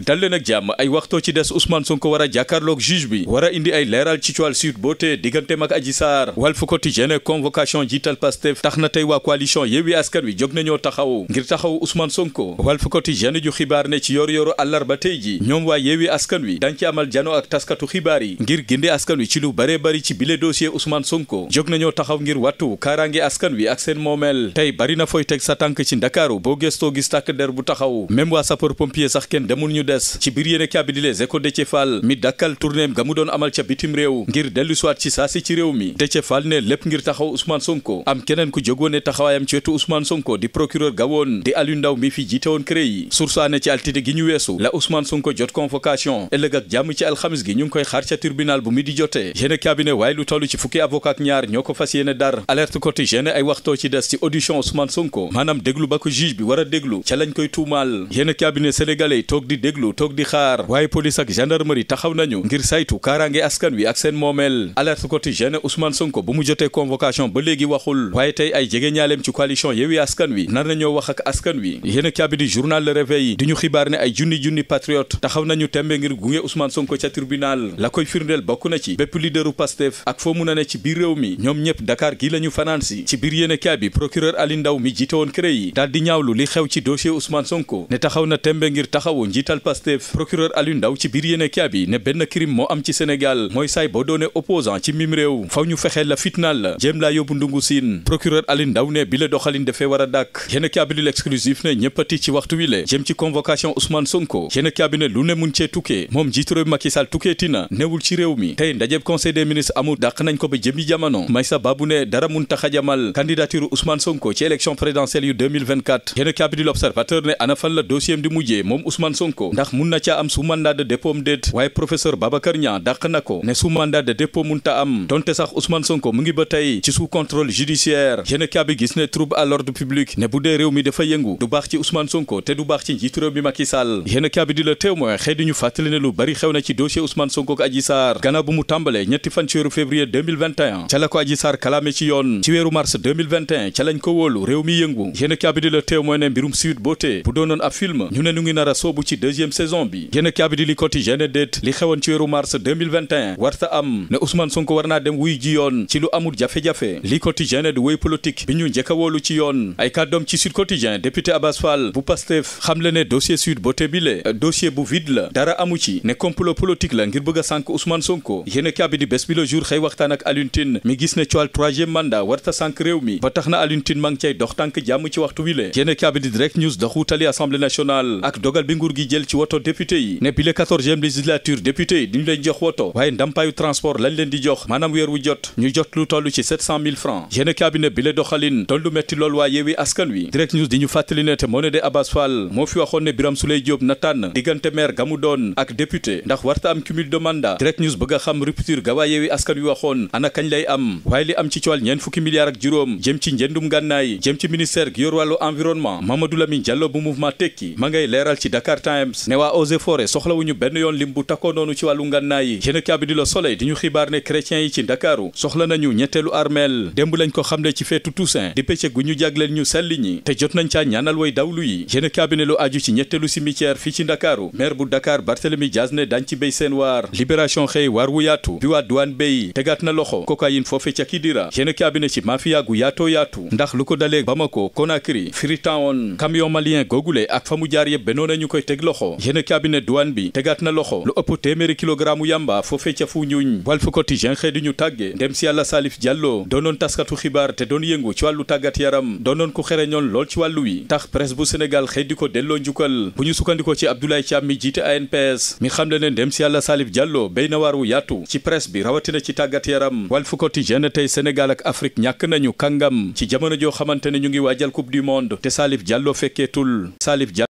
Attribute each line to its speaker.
Speaker 1: dal leen ak jàmm ay waxtoo ci des Ousmane Sonko war a jàkkaarloog juge bi war a indi ay leeral ci coowal Sweet Beauté digganteem ak Adji Sarr Walf Quotidien convocation jiital Pastef tax na tey waa coalition Yewwi Askan Wi jóg nañoo taxaw ngir taxaw Ousmane Sonko Walf Quotidien ju xibaar ne ci yor-yoru àllarba tey ji ñoom waa Yewwi Askan Wi dañ ci amal jano ak taskatu xibaar yi ngir gindi askan wi ci lu bare bari ci bile dossier Ousmane Sonko jóg nañoo taxaw ngir wàttu kaaraange askan wi ak seen tey bari na fooy teg sa tànk ci Ndakaaru boo gëstoo gis tàkk der bu taxaw même waa sapeur pompier des ci biir yéene kaay bi di Les mi dakkal tournéem ga mu doon amal ca bitim réew ngir dellu ci saasi ci réew mi Déthié Fall ne lépp ngir taxaw Ousmane Sonko am keneen ku jógoon ne taxawaayam ci wetu Ousmane Sonko di procureur ga di Aliou mi fi jiite woon CREI sursaane ci altine gi ñu weesu la Ousmane Sonko jot convocation ëllëg ak ci alxamis gi ñu koy xaar ca bu mi di jotee yéene kaay bi ne ci fukki avocat ñaar ñoo ko fas yéene déglu toog di xaar waaye police ak gendarmerie taxaw nañu ngir saytu kaaraange askan wi ak seen moomeel alerte quotidien Ousmane Sonko bu mu jotee convocation ba léegi waxul waaye tey ay jege ñaaleem ci coalition Yewwi Askan Wi nar nañoo wax ak askan wi yéen kaabi di journal Le di ñu xibaar ne ay junni junni patriote taxaw nañu tembe ngir gunge Ousmane Sonko ca tribunal la firndeel bokk na ci bépp leaderu Pastef ak foo mun a ne ci biir réew mi ñoom njiital Pastef procureur Aliou Ndao ci biir yéenekaay bi ne benn crime moo am ci Sénégal mooy saay boo doone opposant ci mim réew faw ñu fexe la fitnaal la jéem laa yóbbu ndungu siin procureur Aliou Ndao ne bi la doxalin dafee war a dàkk yéenekaay bi l'exclusif ne ñëppati ci waxtu wi le jëm ci convocation Ousmane Sonko yéenekaay bi ne lu ne mun cee tukkee moom njiitu réew Macky Sall tukkeeti na newul ci réew mi tey ndajeb conseil des ministres amul dàq nañ ko ba jëmi jamono Maysa Babou a jamal candidature Ousmane Sonko ci élection présidentielle la dossier di mujjee moom Ousmane ndax mun na ca am su mandat de dépôt am déet waaye professeur Babacar Niang dàq na ko ne su mandat de dépôt munta am donte sax Ousmane Sonko mu ngi ba tey ci sous contrôle judiciaire yéenekaay bi gis ne trouble à l'ordre public ne bu dee réew mi dafa yëngu du baax ci Ousmane Sonko te du baax ci njiitu réew mi Macky Sall yéenekaay di la témoin xëy di ñu fàttali ne lu bari xew na ci dossier Ousmane Sonko ak Adji Sarr gannaaw bu mu tàmbalee ñetti fan ci weeru février deuxième saison bi yéen kaabi di li quotidien déet li xewoon ci weeru mars 2021 warta am ne Ousmane Sonko war naa dem wuy ji ci lu amul a woolu ci yoon ay kàddoom ci sud quotidien député Abbas Fall bu Pastef xam le ne dossier sud beauté bi le dossier bu vide la dara amu ci ne complot politique la ngir bëgg a sànk Ousmane Sonko yéen kaabi di bés bi le jour xëy waxtaan ak Alioune Tine mi gis ne coal troisième mandat warta sànk réew mi ba tax na alintin Tine ngi cay dox tànk jàmm ci waxtu wi le yéen kaabi di direct news dox wutali assemblée nationale ak dogal bi nguur gi jël ci woto député yi ne bi le quatorzième législature député yi duñu leen jox woto waaye ndampaayu transport lañ leen di jox maanaam weer wu jot ñu jot lu toll ci 700 000 francs yéene cabinet bi le doxalin doon lu metti lool waa yeewi askan wi direct news di ñu fàttali ne te moo ne de Abass Fall moo fi waxoon ne Birame Souleye Diop na tànn diggante maire gamu doon ak député ndax warta am cumul de direct news bëgg a xam rupture ga waa yeewi askan wi waxoon ana kañ lay am waaye li am ci coowal ñeen fukki milliards ak juróom jëm ci njëndum gànnaay jëm ci ministère gi yor wàllu environnement Mamadou Lamine Diallo leeral ci Dakar ne waa eaux et forêts soxlawuñu benn yoon lim bu takkoo noonu ci wàllu ngànnaay yi yéenekaay bi di Le Soleil di ñu xibaar ne chrétiens yi ci ndakaaru soxla nañu ñetteelu armeel démb lañ ko xamle ci feetu Toussaint di pëccëg gu ñu jagleel ñu sell te jot nañ caa ñaanal woy dawlu yi yéenekaay bi ne lu aju ci ñetteelu cimetière fii ci ndakaaru maire bu Dakar Barthélemy Dias ne dañ ci béy seen waar libération xëy waar wu yaatu bi waa douane béy tegaat na loxo cocaïne foofe ca Kidira yéenekaay bi ne ci mafia gu yaatoo yaatu ndax lu ko dalee Bamako Conakry Freetown camion malien googule ak fa mu jaar yëpp bennoo nañu koy teg loxo loxo yéene cabinet douane bi tegaat na loxo lu ëpp téeméeri kilogramme yamba foofee ca fu ñuñ Walf Quotidien xëy di ñu tàgge ndem si yàlla saalif Diallo doonoon taskatu xibaar te doon yëngu ci wàllu tàggat yaram doonoon ku xereñoon lool ci wàllu wi tax presse bu Sénégal xëy di ko delloo njukkal bu ñu sukkandikoo ci Abdoulaye Thiam mi jiite ANPS mi xam le ne ndem si yàlla Salif Diallo béy na waaru yaatu ci presse bi rawatina ci tàggat yaram Walf Quotidien tey Sénégal ak Afrique ñàkk nañu kàngam ci jamono joo xamante ne ñu ngi waajal coupe du monde te Salif Diallo fekkeetul Salif Diallo